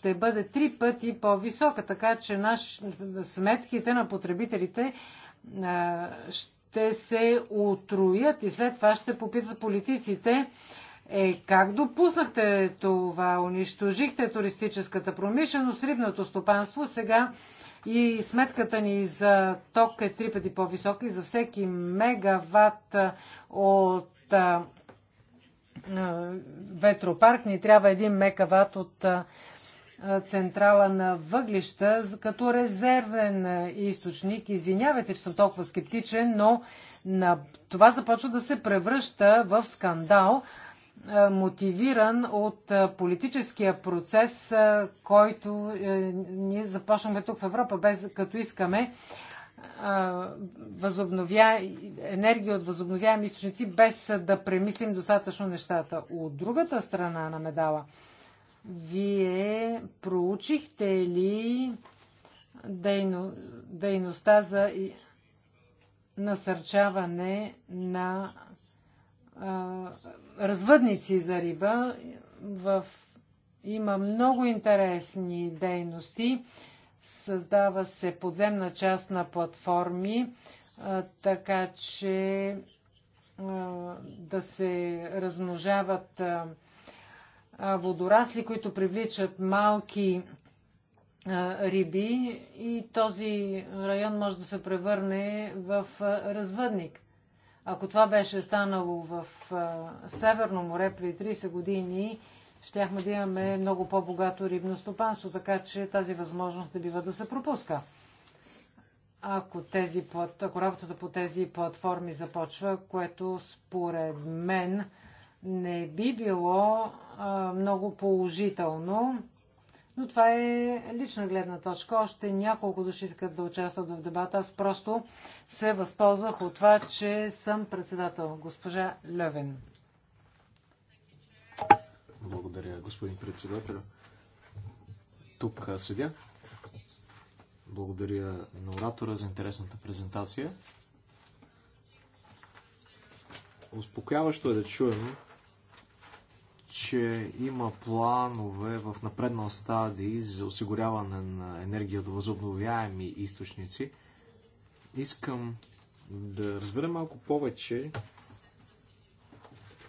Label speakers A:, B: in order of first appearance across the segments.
A: ще бъде три пъти по-висока, така че наш, сметките на потребителите а, ще се отруят и след това ще попитат политиците е, как допуснахте това? Унищожихте туристическата промишленост, рибното стопанство. Сега и сметката ни за ток е три пъти по-висока и за всеки мегаватт от а, ветропарк ни трябва един мегаватт от а, централа на въглища като резервен източник. Извинявайте, че съм толкова скептичен, но на... това започва да се превръща в скандал, мотивиран от политическия процес, който е, ние започнахме тук в Европа, без като искаме възобновя... енергия от възобновяеми източници, без да премислим достатъчно нещата. От другата страна на медала – вие проучихте ли дейно, дейността за насърчаване на а, развъдници за риба. В, има много интересни дейности. Създава се подземна част на платформи, а, така че а, да се размножават а, водорасли, които привличат малки риби и този район може да се превърне в развъдник. Ако това беше станало в Северно море при 30 години, щяхме да имаме много по-богато рибно стопанство, така че тази възможност не бива да се пропуска. Ако, тези, ако работата по тези платформи започва, което според мен не би било а, много положително, но това е лична гледна точка. Още няколко души искат да участват в дебата. Аз просто се възползвах от това, че съм председател. Госпожа Левен.
B: Благодаря, господин председател. Тук седя. Благодаря на оратора за интересната презентация. Успокояващо е да чуем, че има планове в напреднал стадий за осигуряване на енергия до възобновяеми източници. Искам да разбера малко повече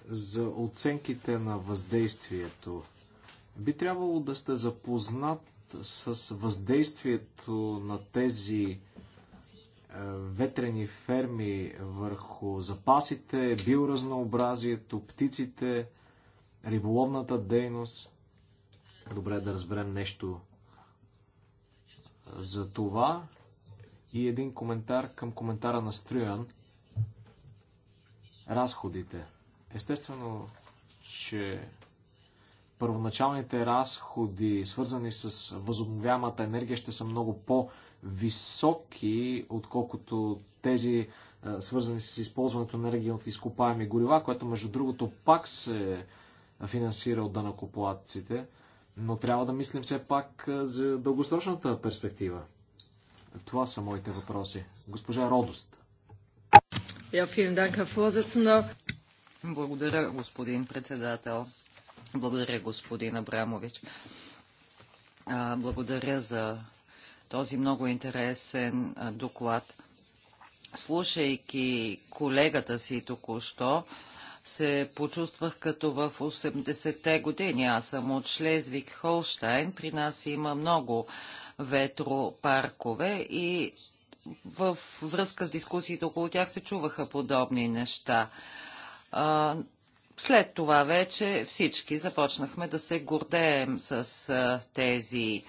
B: за оценките на въздействието. Би трябвало да сте запознат с въздействието на тези е, ветрени ферми върху запасите, биоразнообразието, птиците – риболовната дейност. Добре да разберем нещо за това. И един коментар към коментара на Струян. Разходите. Естествено, че първоначалните разходи, свързани с възобновяемата енергия, ще са много по-високи, отколкото тези, свързани с използването на енергия от изкопаеми горива, което между другото пак се финансира от данакоплатците, но трябва да мислим все пак за дългосрочната перспектива. Това са моите въпроси. Госпожа Родост.
C: Благодаря, господин председател. Благодаря, господин Абрамович. Благодаря за този много интересен доклад. Слушайки колегата си току-що, се почувствах като в 80-те години. Аз съм от Шлезвик Холштайн. При нас има много ветропаркове и в връзка с дискусиите около тях се чуваха подобни неща. след това вече всички започнахме да се гордеем с тези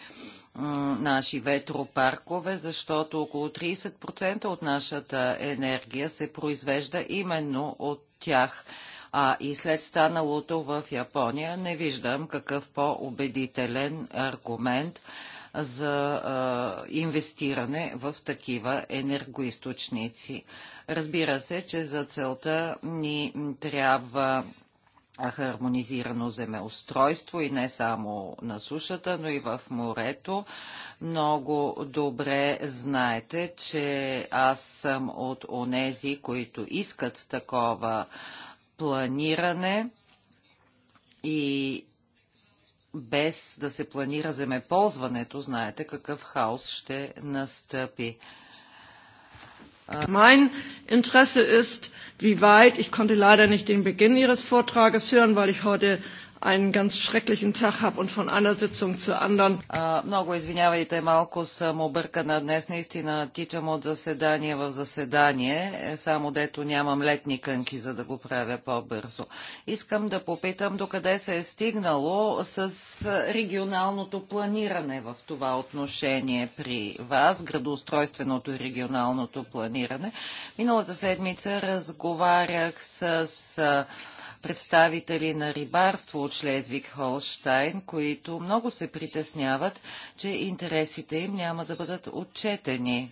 C: наши ветропаркове, защото около 30% от нашата енергия се произвежда именно от тях. А и след станалото в Япония не виждам какъв по-убедителен аргумент за а, инвестиране в такива енергоисточници. Разбира се, че за целта ни трябва хармонизирано земеустройство и не само на сушата, но и в морето. Много добре знаете, че аз съм от онези, които искат такова планиране и без да се планира земеползването, знаете какъв хаос ще настъпи. Mein Interesse ist, wie weit. Ich konnte leider nicht den Beginn Ihres Vortrages hören, weil ich heute einen ganz schrecklichen Tag habe und von einer Sitzung zur anderen. Много извинявайте, малко съм объркана днес. Наистина тичам от заседание в заседание, е, само дето нямам летни кънки, за да го правя по-бързо. Искам да попитам докъде се е стигнало с регионалното планиране в това отношение при вас, градоустройственото и регионалното планиране. Миналата седмица разговарях с представители на рибарство от Шлезвик Холштайн, които много се притесняват, че интересите им няма да бъдат отчетени.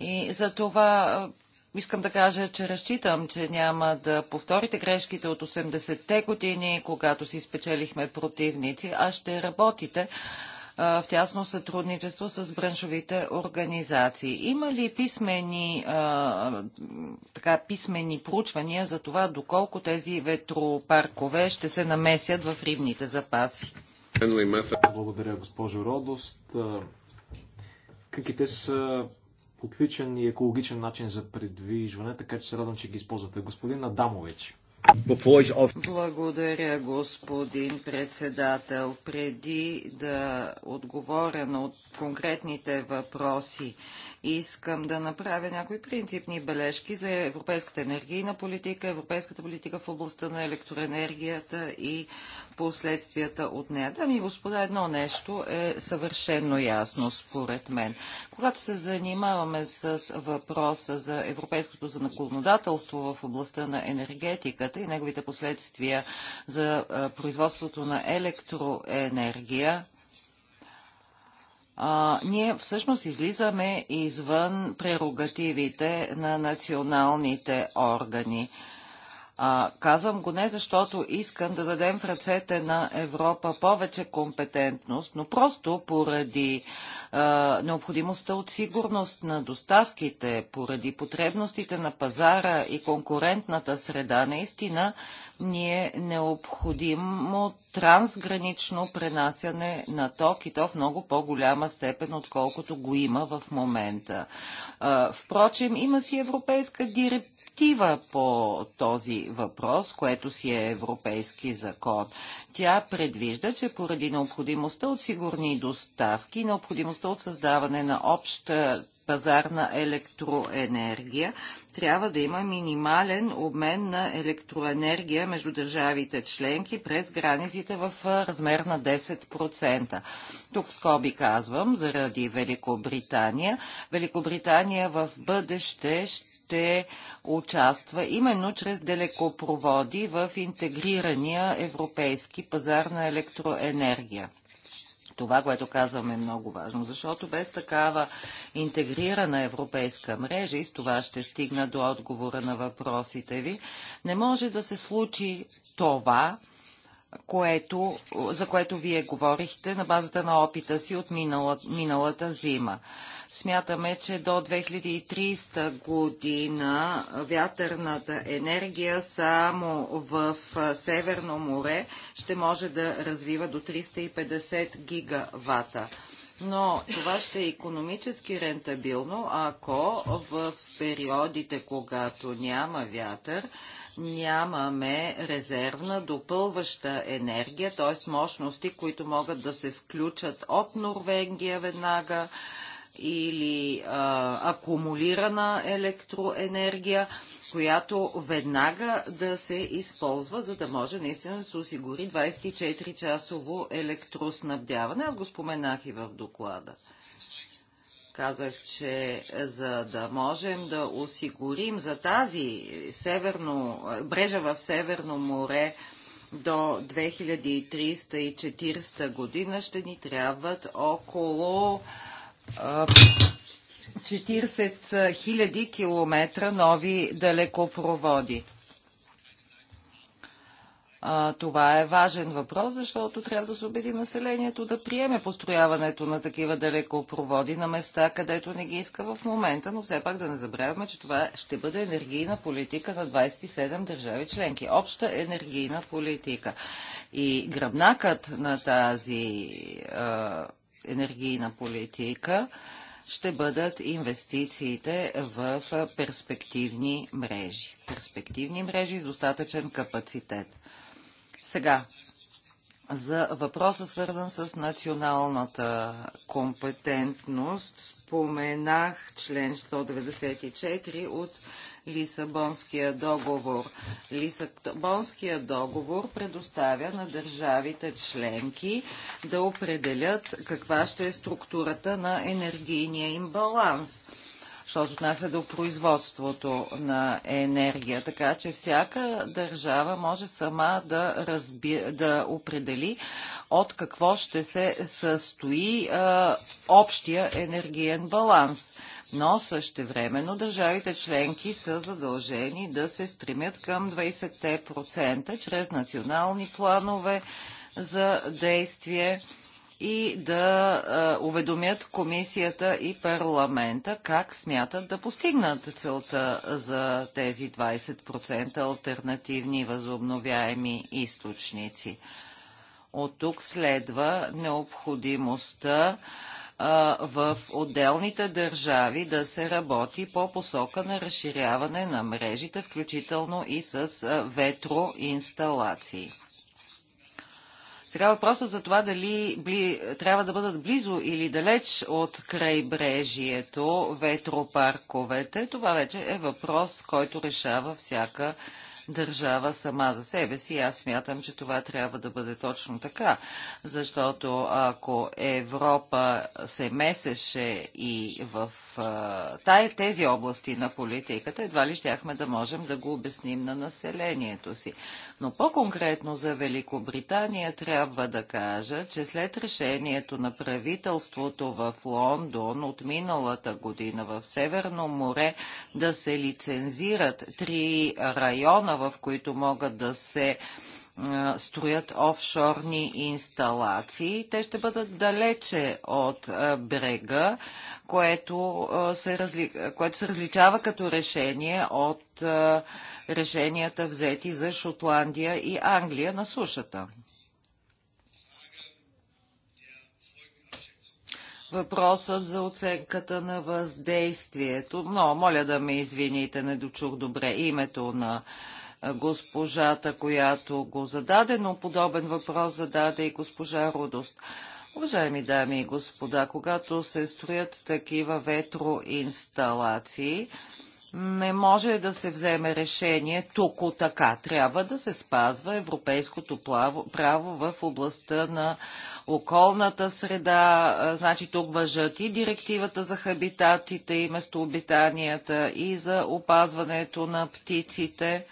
C: И за това Искам да кажа, че разчитам, че няма да повторите грешките от 80-те години, когато си спечелихме противници, а ще работите в тясно сътрудничество с браншовите организации. Има ли писмени, така, писмени проучвания за това, доколко тези ветропаркове ще се намесят в рибните запаси?
B: Благодаря, госпожо Родост. Къките са отличен и екологичен начин за придвижване, така че се радвам, че ги използвате. Господин Адамович.
C: Благодаря, господин председател. Преди да отговоря на конкретните въпроси. Искам да направя някои принципни бележки за европейската енергийна политика, европейската политика в областта на електроенергията и последствията от нея. Дами и господа, едно нещо е съвършенно ясно според мен. Когато се занимаваме с въпроса за европейското законодателство в областта на енергетиката и неговите последствия за производството на електроенергия, а, ние всъщност излизаме извън прерогативите на националните органи. А, казвам го не защото искам да дадем в ръцете на Европа повече компетентност, но просто поради а, необходимостта от сигурност на доставките, поради потребностите на пазара и конкурентната среда, наистина ни е необходимо трансгранично пренасяне на ток и то в много по-голяма степен, отколкото го има в момента. Впрочем, има си европейска директива по този въпрос, което си е европейски закон. Тя предвижда, че поради необходимостта от сигурни доставки, необходимостта от създаване на обща пазар на електроенергия, трябва да има минимален обмен на електроенергия между държавите членки през границите в размер на 10%. Тук в скоби казвам, заради Великобритания. Великобритания в бъдеще ще участва именно чрез далекопроводи в интегрирания европейски пазар на електроенергия. Това, което казвам е много важно, защото без такава интегрирана европейска мрежа, и с това ще стигна до отговора на въпросите ви, не може да се случи това, което, за което вие говорихте на базата на опита си от минала, миналата зима. Смятаме, че до 2300 година вятърната енергия само в Северно море ще може да развива до 350 гигавата. Но това ще е економически рентабилно, ако в периодите, когато няма вятър, нямаме резервна допълваща енергия, т.е. мощности, които могат да се включат от Норвегия веднага или а, акумулирана електроенергия, която веднага да се използва, за да може наистина да се осигури 24-часово електроснабдяване. Аз го споменах и в доклада. Казах, че е, за да можем да осигурим за тази северно, брежа в Северно море до 2340 година ще ни трябват около 40 000 километра нови далекопроводи. А, това е важен въпрос, защото трябва да се убеди населението да приеме построяването на такива далекопроводи на места, където не ги иска в момента, но все пак да не забравяме, че това ще бъде енергийна политика на 27 държави членки. Обща енергийна политика. И гръбнакът на тази а, енергийна политика ще бъдат инвестициите в перспективни мрежи. Перспективни мрежи с достатъчен капацитет. Сега, за въпроса свързан с националната компетентност, споменах член 194 от Лисабонския договор. Лисабонския договор предоставя на държавите членки да определят каква ще е структурата на енергийния им баланс що се отнася до производството на енергия. Така че всяка държава може сама да, разби... да определи от какво ще се състои а, общия енергиен баланс. Но същевременно държавите членки са задължени да се стремят към 20% чрез национални планове за действие и да уведомят комисията и парламента как смятат да постигнат целта за тези 20% альтернативни възобновяеми източници. От тук следва необходимостта в отделните държави да се работи по посока на разширяване на мрежите, включително и с ветроинсталации. Сега въпросът за това дали бли, трябва да бъдат близо или далеч от крайбрежието ветропарковете, това вече е въпрос, който решава всяка държава сама за себе си. Аз смятам, че това трябва да бъде точно така, защото ако Европа се месеше и в тези области на политиката, едва ли щяхме да можем да го обясним на населението си. Но по-конкретно за Великобритания трябва да кажа, че след решението на правителството в Лондон от миналата година в Северно море да се лицензират три района, в които могат да се строят офшорни инсталации. Те ще бъдат далече от брега, което се, разли... което се различава като решение от решенията взети за Шотландия и Англия на сушата. Въпросът за оценката на въздействието. Но, моля да ме извините, не дочух добре името на госпожата, която го зададе, но подобен въпрос зададе и госпожа Рудост. Уважаеми дами и господа, когато се строят такива ветроинсталации, не може да се вземе решение тук така. Трябва да се спазва европейското право в областта на околната среда. Значи тук въжат и директивата за хабитатите и местообитанията и за опазването на птиците.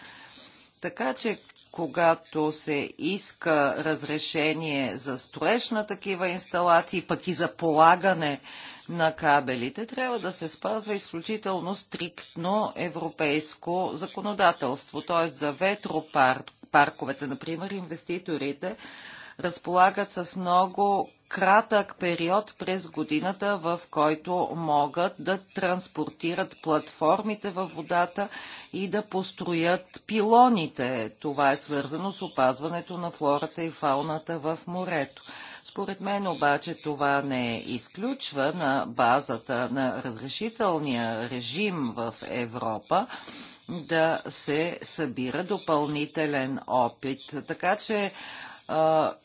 C: Така че, когато се иска разрешение за строеж на такива инсталации, пък и за полагане на кабелите, трябва да се спазва изключително стриктно европейско законодателство, т.е. за ветропарковете, например, инвеститорите разполагат с много кратък период през годината, в който могат да транспортират платформите във водата и да построят пилоните. Това е свързано с опазването на флората и фауната в морето. Според мен обаче това не изключва на базата на разрешителния режим в Европа да се събира допълнителен опит. Така че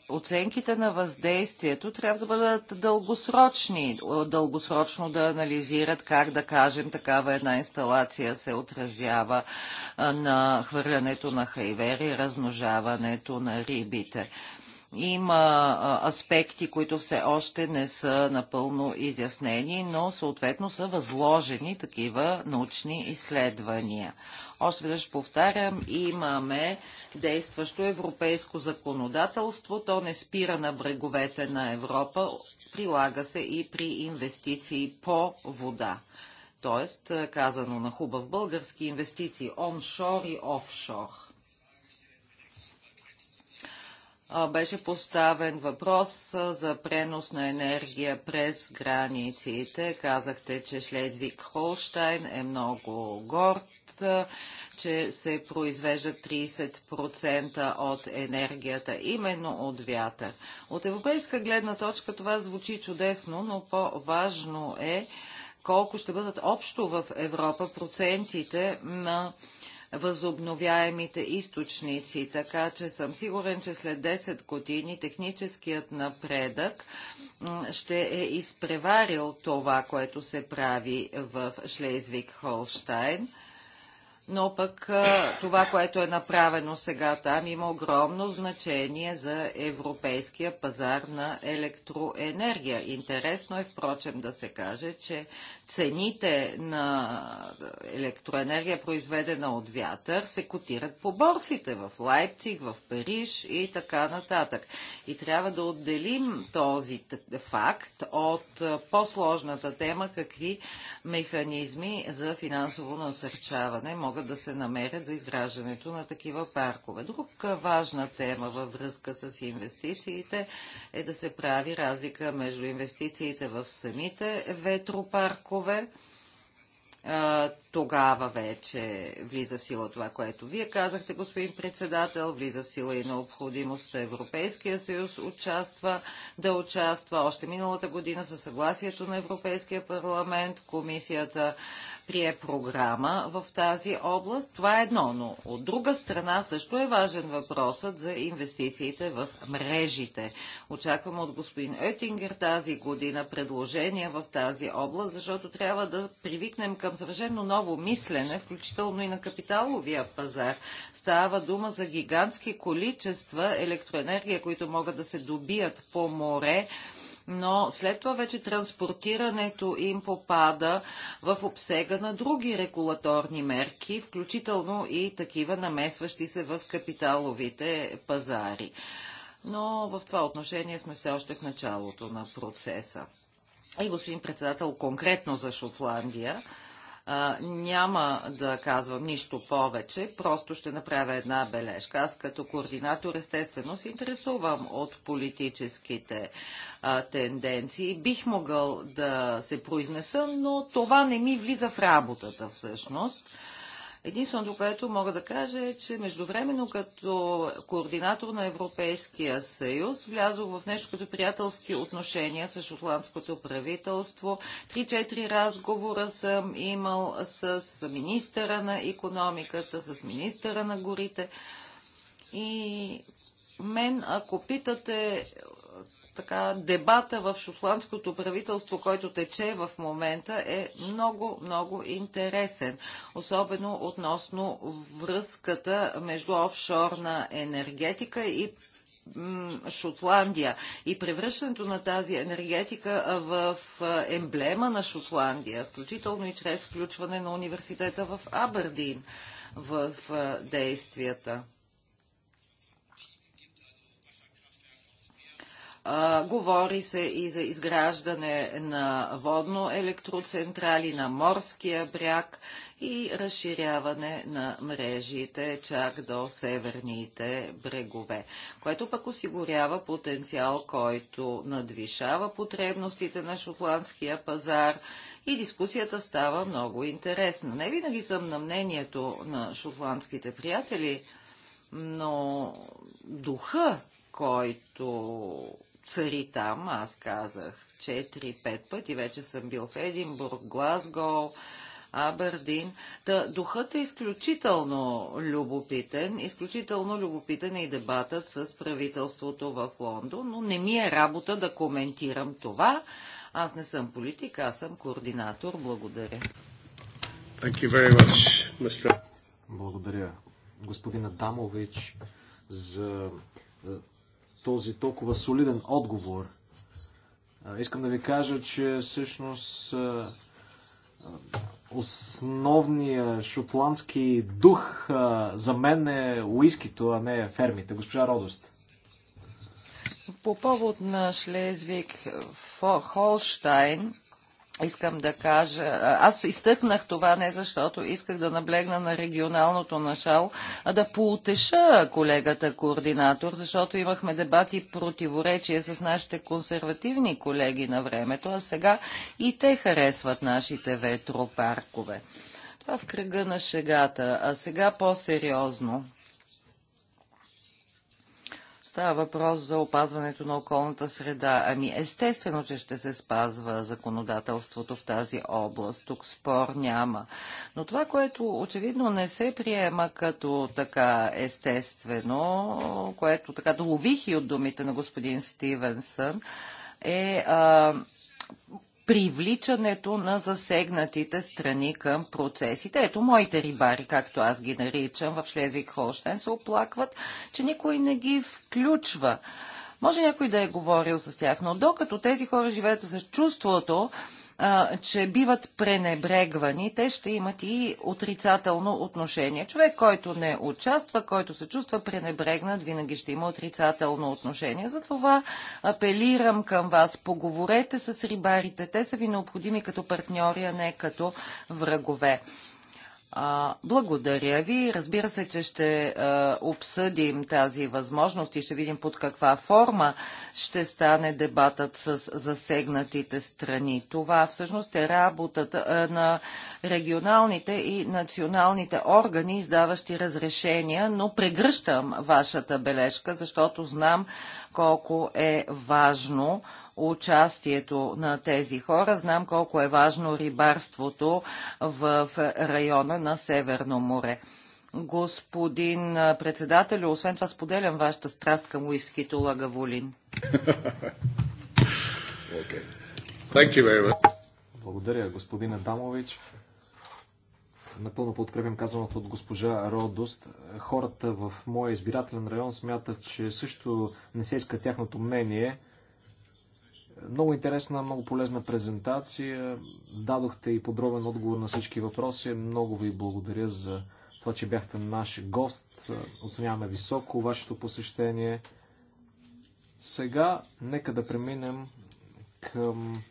C: оценките на въздействието трябва да бъдат дългосрочни, дългосрочно да анализират как, да кажем, такава една инсталация се отразява на хвърлянето на хайвери, размножаването на рибите. Има аспекти, които все още не са напълно изяснени, но съответно са възложени такива научни изследвания. Още веднъж повтарям, имаме действащо европейско законодателство. То не спира на бреговете на Европа, прилага се и при инвестиции по вода. Тоест, казано на хубав български, инвестиции оншор и офшор беше поставен въпрос за пренос на енергия през границите. Казахте, че Шледвик Холштайн е много горд, че се произвежда 30% от енергията именно от вятър. От европейска гледна точка това звучи чудесно, но по-важно е колко ще бъдат общо в Европа процентите на възобновяемите източници, така че съм сигурен, че след 10 години техническият напредък ще е изпреварил това, което се прави в Шлезвик-Холштайн но пък това, което е направено сега там, има огромно значение за европейския пазар на електроенергия. Интересно е, впрочем, да се каже, че цените на електроенергия, произведена от вятър, се котират по борсите в Лайпциг, в Париж и така нататък. И трябва да отделим този факт от по-сложната тема, какви механизми за финансово насърчаване могат могат да се намерят за изграждането на такива паркове. Друга важна тема във връзка с инвестициите е да се прави разлика между инвестициите в самите ветропаркове. Тогава вече влиза в сила това, което вие казахте, господин председател, влиза в сила и необходимост Европейския съюз участва, да участва. Още миналата година със съгласието на Европейския парламент комисията прие програма в тази област. Това е едно, но от друга страна също е важен въпросът за инвестициите в мрежите. Очаквам от господин Етингер тази година предложения в тази област, защото трябва да привикнем към съвършено ново мислене, включително и на капиталовия пазар. Става дума за гигантски количества електроенергия, които могат да се добият по море но след това вече транспортирането им попада в обсега на други регулаторни мерки, включително и такива намесващи се в капиталовите пазари. Но в това отношение сме все още в началото на процеса. И господин председател, конкретно за Шотландия, а, няма да казвам нищо повече, просто ще направя една бележка. Аз като координатор естествено се интересувам от политическите а, тенденции. Бих могъл да се произнеса, но това не ми влиза в работата всъщност. Единственото, което мога да кажа е, че междувременно като координатор на Европейския съюз влязох в нещо като приятелски отношения с шотландското правителство. Три-четири разговора съм имал с министъра на економиката, с министъра на горите. И мен, ако питате така, дебата в шотландското правителство, който тече в момента, е много, много интересен. Особено относно връзката между офшорна енергетика и Шотландия и превръщането на тази енергетика в емблема на Шотландия, включително и чрез включване на университета в Абердин в действията. говори се и за изграждане на водно-електроцентрали на морския бряг и разширяване на мрежите чак до северните брегове, което пък осигурява потенциал, който надвишава потребностите на шотландския пазар и дискусията става много интересна. Не винаги съм на мнението на шотландските приятели, но духа, който цари там. Аз казах 4-5 пъти. Вече съм бил в Единбург, Глазгол, Абердин. Та, духът е изключително любопитен. Изключително любопитен е и дебатът с правителството в Лондон, но не ми е работа да коментирам това. Аз не съм политик, аз съм координатор. Благодаря.
B: Thank you very much, Mr. Благодаря, господин Адамович, за е, този толкова солиден отговор. Искам да ви кажа, че всъщност основният шотландски дух за мен е уискито, а не фермите. Госпожа Родост.
C: По повод на Шлезвик Холштайн, искам да кажа, аз изтъкнах това не защото исках да наблегна на регионалното начало, а да поутеша колегата координатор, защото имахме дебати противоречие с нашите консервативни колеги на времето, а сега и те харесват нашите ветропаркове. Това в кръга на шегата, а сега по-сериозно. Става въпрос за опазването на околната среда. Ами естествено, че ще се спазва законодателството в тази област. Тук спор няма. Но това, което очевидно не се приема като така естествено, което така долових и от думите на господин Стивенсън, е а, привличането на засегнатите страни към процесите. Ето, моите рибари, както аз ги наричам, в Шлезвик Холштен се оплакват, че никой не ги включва. Може някой да е говорил с тях, но докато тези хора живеят с чувството, че биват пренебрегвани, те ще имат и отрицателно отношение. Човек, който не участва, който се чувства пренебрегнат, винаги ще има отрицателно отношение. Затова апелирам към вас, поговорете с рибарите, те са ви необходими като партньори, а не като врагове. А, благодаря ви. Разбира се, че ще а, обсъдим тази възможност и ще видим под каква форма ще стане дебатът с засегнатите страни. Това всъщност е работата а, на регионалните и националните органи, издаващи разрешения, но прегръщам вашата бележка, защото знам колко е важно участието на тези хора. Знам колко е важно рибарството в района на Северно море. Господин председател, освен това споделям вашата страст към уискито Лагаволин.
B: Благодаря, господин Адамович. Напълно подкрепям казаното от госпожа Родост. Хората в моя избирателен район смятат, че също не се иска тяхното мнение. Много интересна, много полезна презентация. Дадохте и подробен отговор на всички въпроси. Много ви благодаря за това, че бяхте наш гост. Оценяваме високо вашето посещение. Сега нека да преминем към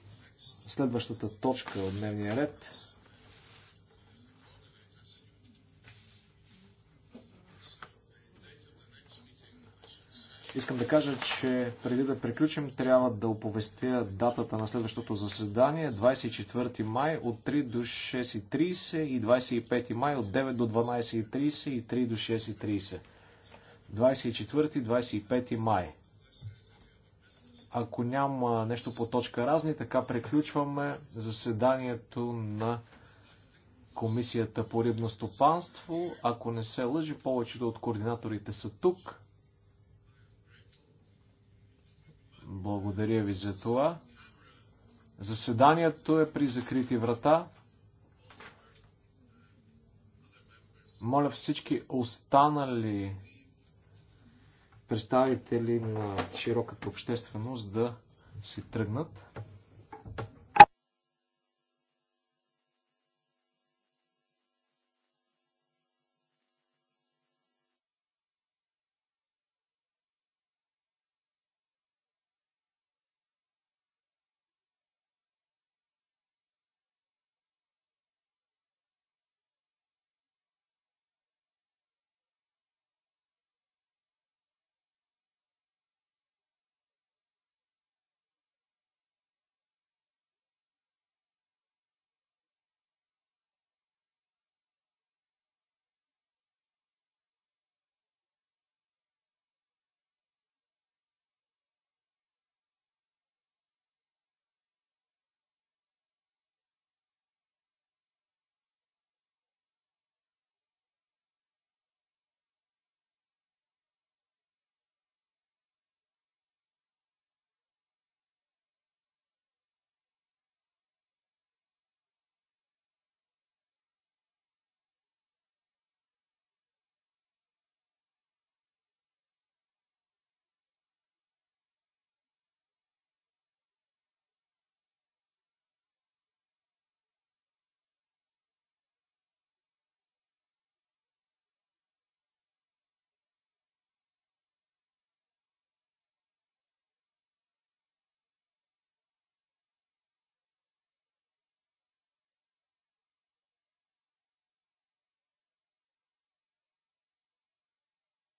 B: следващата точка от дневния ред. Искам да кажа, че преди да приключим, трябва да оповестя датата на следващото заседание 24 май от 3 до 6.30 и 25 май от 9 до 12.30 и 3 до 6.30. 24-25 май. Ако няма нещо по точка разни, така приключваме заседанието на Комисията по рибно стопанство. Ако не се лъжи, повечето от координаторите са тук. Благодаря ви за това. Заседанието е при закрити врата. Моля всички останали представители на широката общественост да си тръгнат.